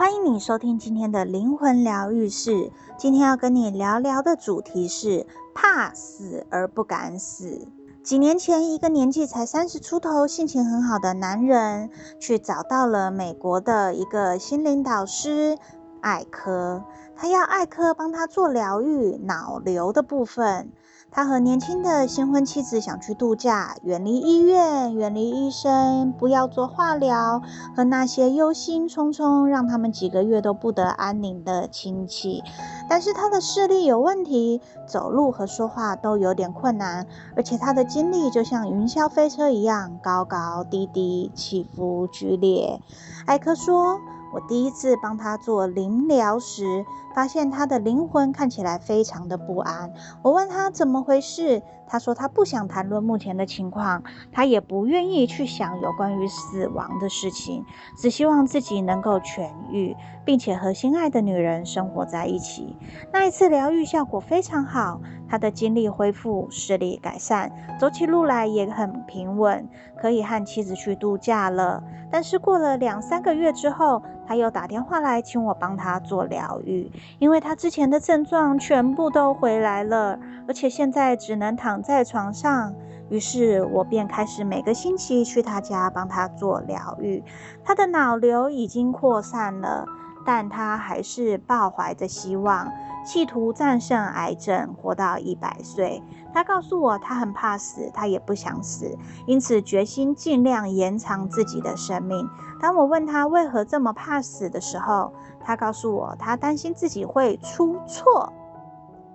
歡迎你收聽今天的靈魂療癒室。今天要跟你聊聊的主題是怕死而不敢死。幾年前，一個年紀才三十出頭、性情很好的男人，去找到了美國的一個心靈導師。艾科，他要艾科幫他做療癒腦瘤的部分。他和年輕的新婚妻子想去度假，遠離醫院，遠離醫生，不要做化療，和那些憂心忡忡，讓他們幾個月都不得安寧的親戚。但是他的視力有問題，走路和說話都有點困難，而且他的精力就像雲霄飛車一樣，高高低低，起伏劇烈。艾科說。我第一次幫他做靈療時，發現他的靈魂看起來非常的不安。我問他怎麼回事，他說他不想談論目前的情況，他也不願意去想有關於死亡的事情，只希望自己能夠痊癒，並且和心愛的女人生活在一起。那一次療癒效果非常好。他的精力恢復，視力改善，走起路來也很平穩，可以和妻子去度假了。但是過了兩三個月之後，他又打電話來請我幫他做療癒，因為他之前的症狀全部都回來了，而且現在只能躺在床上。於是我便開始每個星期去他家幫他做療癒。他的腦瘤已經擴散了。但他還是抱懷着希望，企圖戰勝癌症，活到一百歲。他告訴我，他很怕死，他也不想死，因此決心盡量延長自己的生命。當我問他為何這麼怕死的時候，他告訴我，他擔心自己會出錯。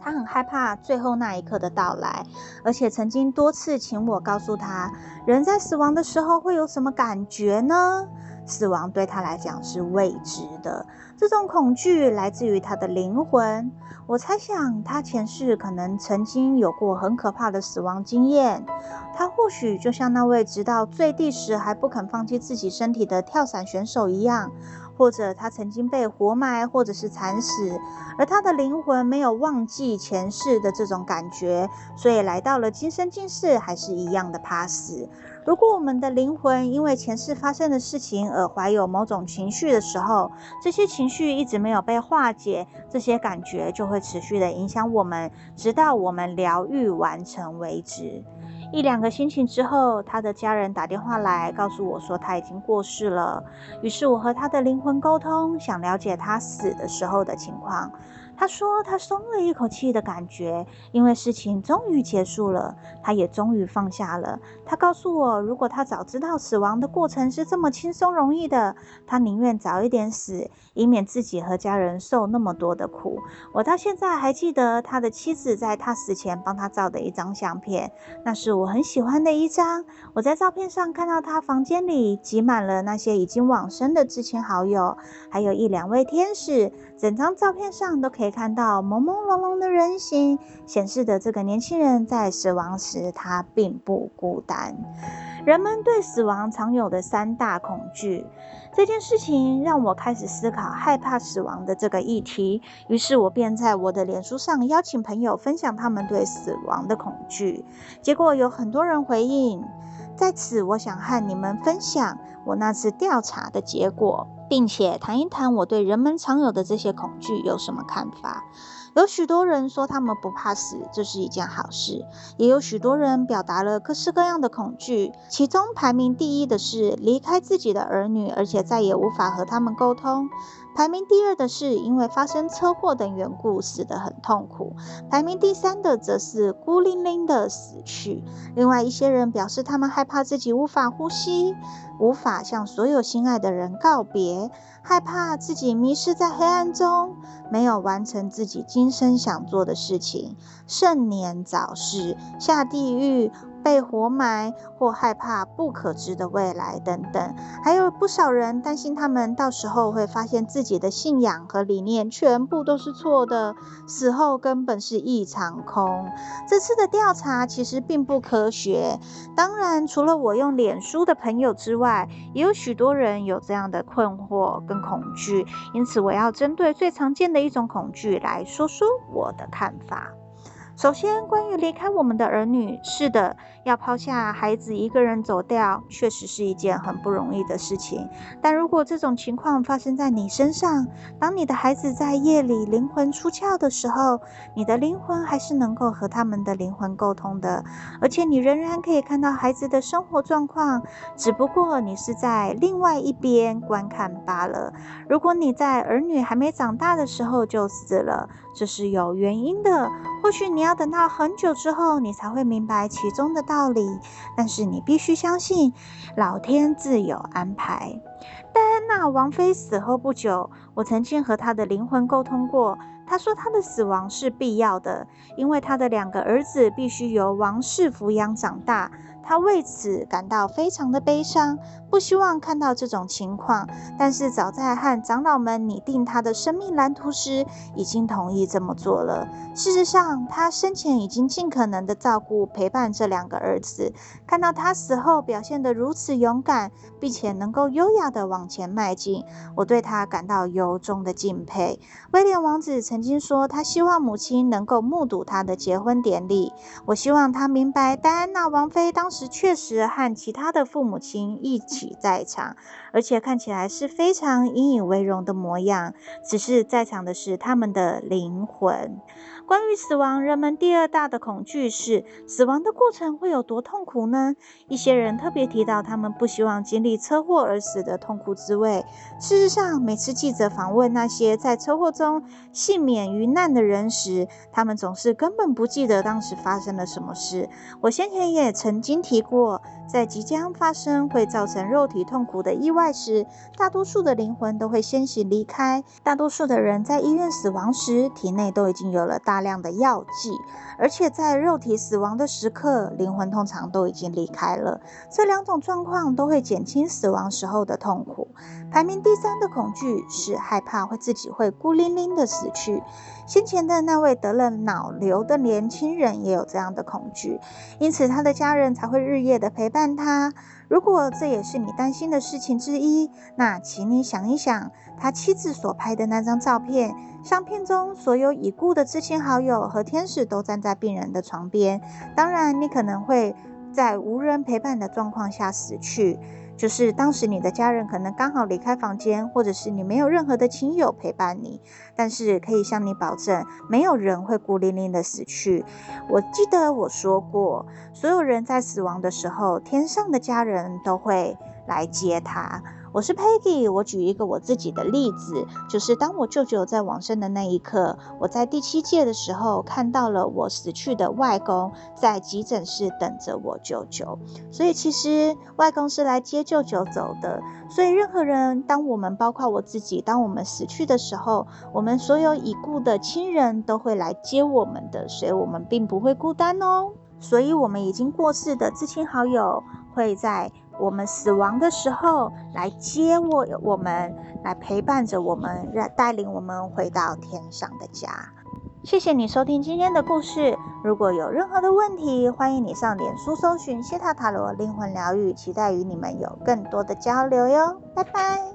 他很害怕最後那一刻的到來，而且曾經多次請我告訴他，人在死亡的時候會有什麼感覺呢？死亡對他來講是未知的，這種恐懼來自於他的靈魂。我猜想他前世可能曾經有過很可怕的死亡經驗。他或許就像那位直到墜地時還不肯放棄自己身體的跳傘選手一樣。或者他曾經被活埋，或者是慘死，而他的靈魂沒有忘記前世的這種感覺，所以來到了今生今世還是一樣的怕死。如果我們的靈魂因為前世發生的事情而懷有某種情緒的時候，這些情緒一直沒有被化解，這些感覺就會持續地影響我們，直到我們療癒完成為止。一兩個星期之後，他的家人打電話來告訴我說他已經過世了。於是我和他的靈魂溝通，想了解他死的時候的情況。他說他鬆了一口氣的感覺，因為事情終於結束了，他也終於放下了。他告訴我，如果他早知道死亡的過程是這麼輕鬆容易的，他寧願早一點死，以免自己和家人受那麼多的苦。我到現在還記得他的妻子在他死前幫他照的一張相片，那是我很喜歡的一張。我在照片上看到他房間裡擠滿了那些已經往生的至親好友，還有一兩位天使，整張照片上都可以，可以看到朦朦朧朧的人形，顯示的這個年輕人在死亡時，他並不孤單。人們對死亡常有的三大恐懼。這件事情讓我開始思考害怕死亡的這個議題，於是我便在我的臉書上邀請朋友分享他們對死亡的恐懼，結果有很多人回應。在此，我想和你們分享我那次調查的結果，並且談一談我對人們常有的這些恐懼有什麼看法。有許多人說他們不怕死，這是一件好事。也有許多人表達了各式各樣的恐懼。其中排名第一的是離開自己的兒女，而且再也無法和他們溝通。排名第二的是因為發生車禍等緣故，死得很痛苦。排名第三的則是孤零零的死去。另外一些人表示，他們害怕自己無法呼吸，無法向所有心愛的人告別。害怕自己迷失在黑暗中，沒有完成自己今生想做的事情，盛年早逝，下地獄，被活埋，或害怕不可知的未來等等，還有不少人擔心他們到時候會發現自己的信仰和理念全部都是錯的，死後根本是一場空。這次的調查其實並不科學，當然除了我用臉書的朋友之外，也有許多人有這樣的困惑跟恐懼，因此我要針對最常見的一種恐懼來說說我的看法。首先，關於離開我們的兒女，是的，要拋下孩子一個人走掉，確實是一件很不容易的事情。但如果這種情況發生在你身上，當你的孩子在夜裡靈魂出竅的時候，你的靈魂還是能夠和他們的靈魂溝通的，而且你仍然可以看到孩子的生活狀況，只不過你是在另外一邊觀看罷了。如果你在兒女還沒長大的時候就死了，這是有原因的，或許你。你要等到很久之後，你才會明白其中的道理。但是你必須相信，老天自有安排。戴安娜王妃死後不久，我曾經和她的靈魂溝通過，她說她的死亡是必要的，因為她的兩個兒子必須由王室撫養長大。他為此感到非常的悲傷，不希望看到這種情況。但是早在和長老們擬定他的生命藍圖時，已經同意這麼做了。事實上，他生前已經盡可能的照顧、陪伴這兩個兒子。看到他死後表現得如此勇敢，並且能夠優雅的往前邁進，我對他感到由衷的敬佩。威廉王子曾經說，他希望母親能夠目睹他的結婚典禮。我希望他明白，戴安娜王妃當時，是確實和其他的父母親一起在場，而且看起來是非常引以為榮的模樣。只是在場的是他們的靈魂。關於死亡，人們第二大的恐懼是死亡的過程會有多痛苦呢？一些人特別提到，他們不希望經歷車禍而死的痛苦滋味。事實上，每次記者訪問那些在車禍中幸免於難的人時，他們總是根本不記得當時發生了什麼事。我先前也曾經提過，在即將發生會造成肉體痛苦的意外時，大多數的靈魂都會先行離開。大多數的人在醫院死亡時，體內都已經有了大大量的藥劑，而且在肉體死亡的時刻，靈魂通常都已經離開了。這兩種狀況都會減輕死亡時候的痛苦。排名第三的恐懼是害怕會自己會孤零零的死去。先前的那位得了腦瘤的年輕人也有這樣的恐懼，因此他的家人才會日夜的陪伴他。如果這也是你擔心的事情之一，那請你想一想他妻子所拍的那張照片，相片中所有已故的至親好友和天使都站在病人的床邊。當然，你可能會在無人陪伴的狀況下死去，就是當時你的家人可能剛好離開房間，或者是你沒有任何的親友陪伴你。但是可以向你保證，沒有人會孤零零的死去。我記得我說過，所有人在死亡的時候，天上的家人都會來接他。我是 Peggy，我舉一個我自己的例子，就是當我舅舅在往生的那一刻，我在第七界的時候看到了我死去的外公在急診室等着我舅舅，所以其實外公是來接舅舅走的。所以任何人，當我們包括我自己，當我們死去的時候，我們所有已故的親人都會來接我們的，所以我們並不會孤單哦。所以我們已經過世的至親好友會在我們死亡的時候來接我，我們來陪伴着我們，來帶領我們回到天上的家。謝謝你收聽今天的故事。如果有任何的問題，歡迎你上臉書搜尋希塔塔羅靈魂療癒，期待與你們有更多的交流喲。拜拜。